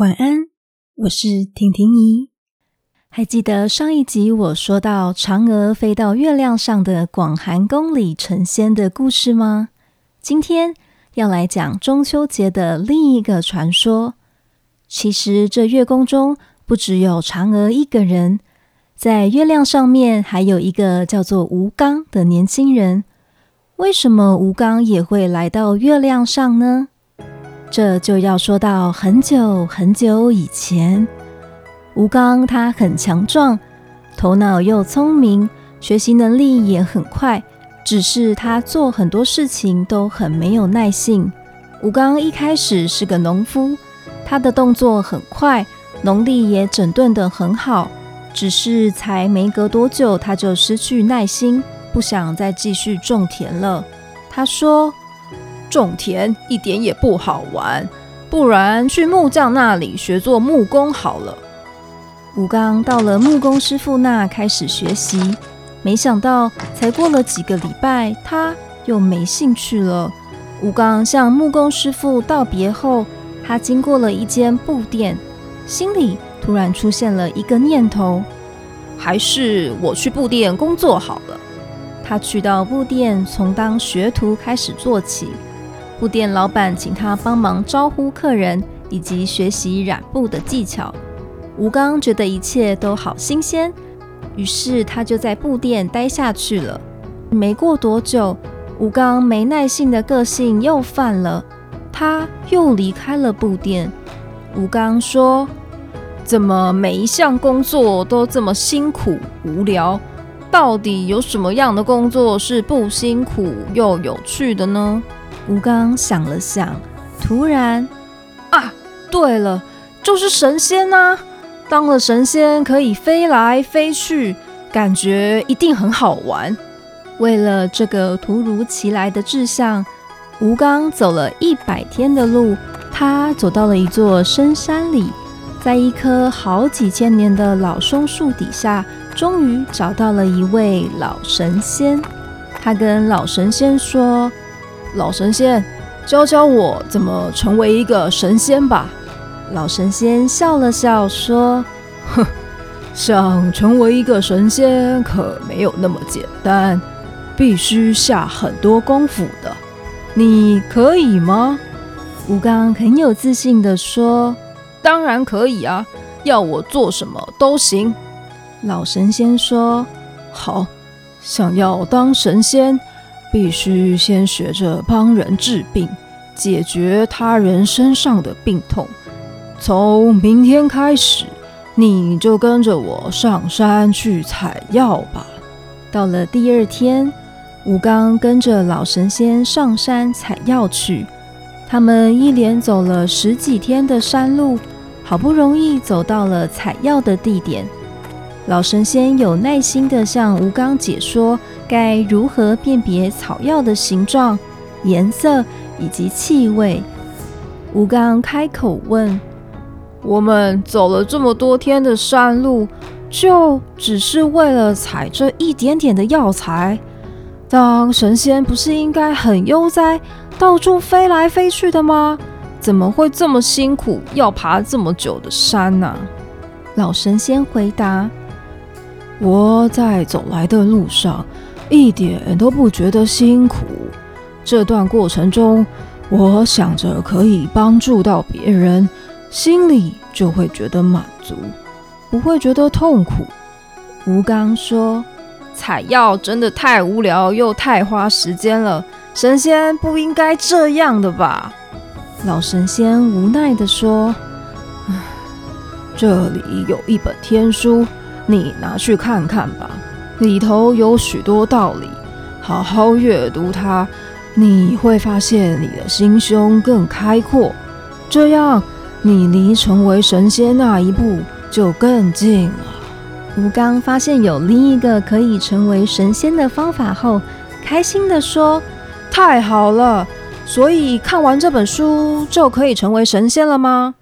晚安，我是婷婷姨。還記得上一集我說到嫦娥飛到月亮上的廣寒宮裡成仙的故事嗎？今天要來講中秋節的另一個傳說。其實這月宮中不只有嫦娥一個人，在月亮上面還有一個叫做吳剛的年輕人。為什麼吳剛也會來到月亮上呢？這就要說到很久很久以前，吳剛他很強壯，頭腦又聰明，學習能力也很快。只是他做很多事情都很沒有耐性。吳剛一開始是個農夫，他的動作很快，農地也整頓得很好。只是才沒隔多久，他就失去耐心，不想再繼續種田了。他說。種田一點也不好玩。不然去木匠那裡學做木工好了。吳剛到了木工師傅那開始學習，沒想到才過了幾個禮拜，他又沒興趣了。吳剛向木工師傅道別後，他經過了一間布店，心裡突然出現了一個念頭：還是我去布店工作好了。他去到布店，從當學徒開始做起。布店老闆請他幫忙招呼客人，以及學習染布的技巧。吳剛覺得一切都好新鮮，於是他就在布店待下去了。沒過多久，吳剛沒耐性的個性又犯了，他又離開了布店。吳剛說：“怎麼每一項工作都這麼辛苦無聊？到底有什麼樣的工作是不辛苦又有趣的呢？”吳剛想了想，突然，啊，對了，就是神仙吶、啊！當了神仙可以飛來飛去，感覺一定很好玩。為了這個突如其來的志向，吳剛走了一百天的路，他走到了一座深山裡，在一棵好幾千年的老松樹底下，終於找到了一位老神仙。他跟老神仙說，老神仙，教教我怎麼成為一個神仙吧？老神仙笑了笑說：“哼，想成為一個神仙可沒有那麼簡單，必須下很多功夫的。你可以嗎？”吳剛很有自信地說：“當然可以啊，要我做什麼都行。”老神仙說：“好，想要當神仙。”必須先學着幫人治病，解決他人身上的病痛。從明天開始，你就跟着我上山去採藥吧。到了第二天，吳剛跟着老神仙上山採藥去。他們一連走了十幾天的山路，好不容易走到了採藥的地點。老神仙有耐心地向吳剛解說。該如何辨別草藥的形狀、顏色以及氣味？吳剛開口問：“我們走了這麼多天的山路，就只是為了採這一點點的藥材？當神仙不是應該很悠哉，到處飛來飛去的嗎？怎麼會這麼辛苦，要爬這麼久的山呢、啊？”老神仙回答：“我在走來的路上。”一點都不覺得辛苦。這段過程中，我想着可以幫助到別人，心裡就會覺得滿足，不會覺得痛苦。吳剛說：“採藥真的太無聊又太花時間了，神仙不應該這樣的吧？”老神仙無奈地說唉：“這裡有一本天書，你拿去看看吧。”裡頭有許多道理，好好閱讀它，你會發現你的心胸更開闊，這樣你離成為神仙那一步就更近了。吳剛發現有另一個可以成為神仙的方法後，開心地說：“太好了！所以看完這本書就可以成為神仙了嗎？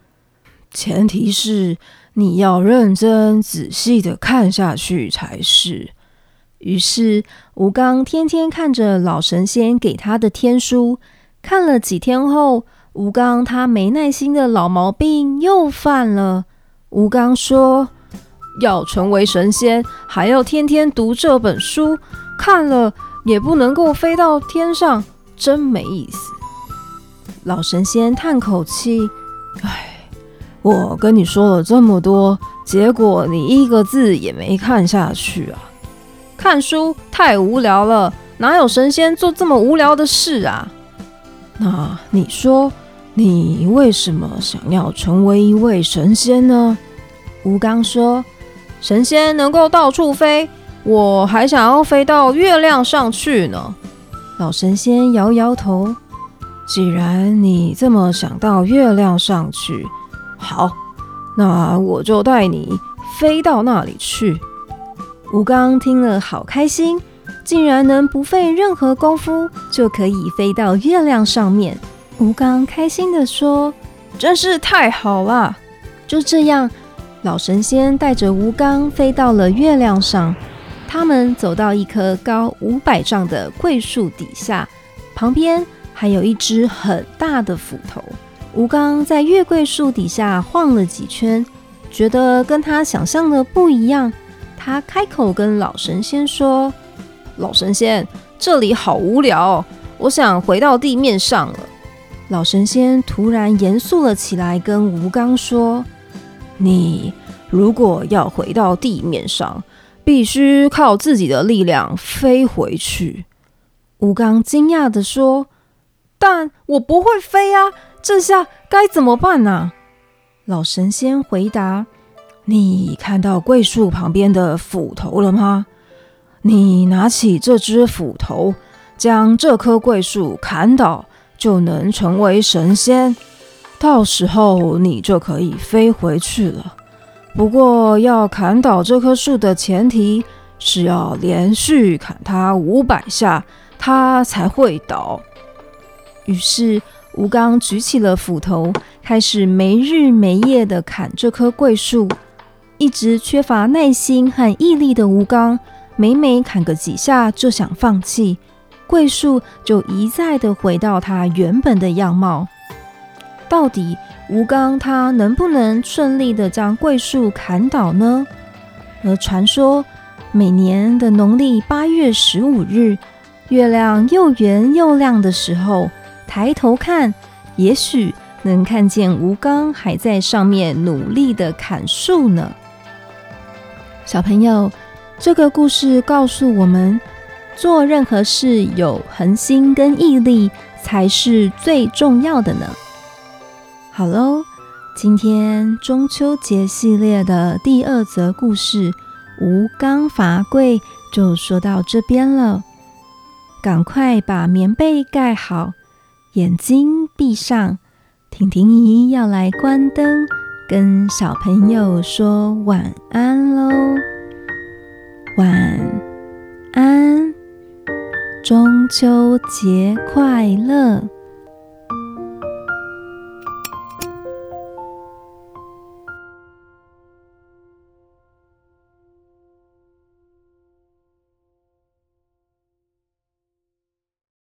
前提是你要認真仔細地看下去才是。”於是吳剛天天看着老神仙給他的天書，看了幾天後，吳剛他沒耐心的老毛病又犯了。吳剛說：“要成為神仙，還要天天讀這本書，看了也不能夠飛到天上，真沒意思。”老神仙嘆口氣：“哎，我跟你說了這麼多，結果你一個字也沒看下去啊！”看書太無聊了，哪有神仙做這麼無聊的事啊？那你說，你為什麼想要成為一位神仙呢？吳剛說，神仙能夠到處飛，我還想要飛到月亮上去呢。老神仙搖搖頭，既然你這麼想到月亮上去，好，那我就帶你飛到那裡去。吳剛聽了好開心，竟然能不費任何功夫就可以飛到月亮上面。吳剛開心地說：“真是太好了！”就這樣，老神仙帶着吳剛飛到了月亮上。他們走到一棵高五百丈的桂樹底下，旁邊還有一隻很大的斧頭。吳剛在月桂樹底下晃了幾圈，覺得跟他想象的不一樣。他開口跟老神仙說：“老神仙，這裡好無聊哦，我想回到地面上了。”老神仙突然嚴肅了起來，跟吳剛說：“你如果要回到地面上，必須靠自己的力量飛回去。”吳剛驚訝地說：“但我不會飛啊，這下該怎麼辦呢？”老神仙回答，你看到桂樹旁邊的斧頭了嗎？你拿起這隻斧頭，將這棵桂樹砍倒，就能成為神仙。到時候你就可以飛回去了。不過，要砍倒這棵樹的前提是要連續砍它五百下，它才會倒。於是，吳剛舉起了斧頭，開始沒日沒夜的砍這棵桂樹。一直缺乏耐心和毅力的吳剛，每每砍個幾下就想放棄，桂樹就一再的回到它原本的樣貌。到底吳剛他能不能順利的將桂樹砍倒呢？而傳說每年的農曆八月十五日，月亮又圓又亮的時候，抬頭看，也許能看見吳剛還在上面努力的砍樹呢。小朋友，這個故事告訴我們，做任何事有恆心跟毅力才是最重要的呢。好嘍，今天中秋節系列的第二則故事《吳剛伐桂》就說到這邊了。趕快把棉被蓋好，眼睛閉上，婷婷姨要來關燈。跟小朋友說晚安嘍，晚安，中秋節快樂。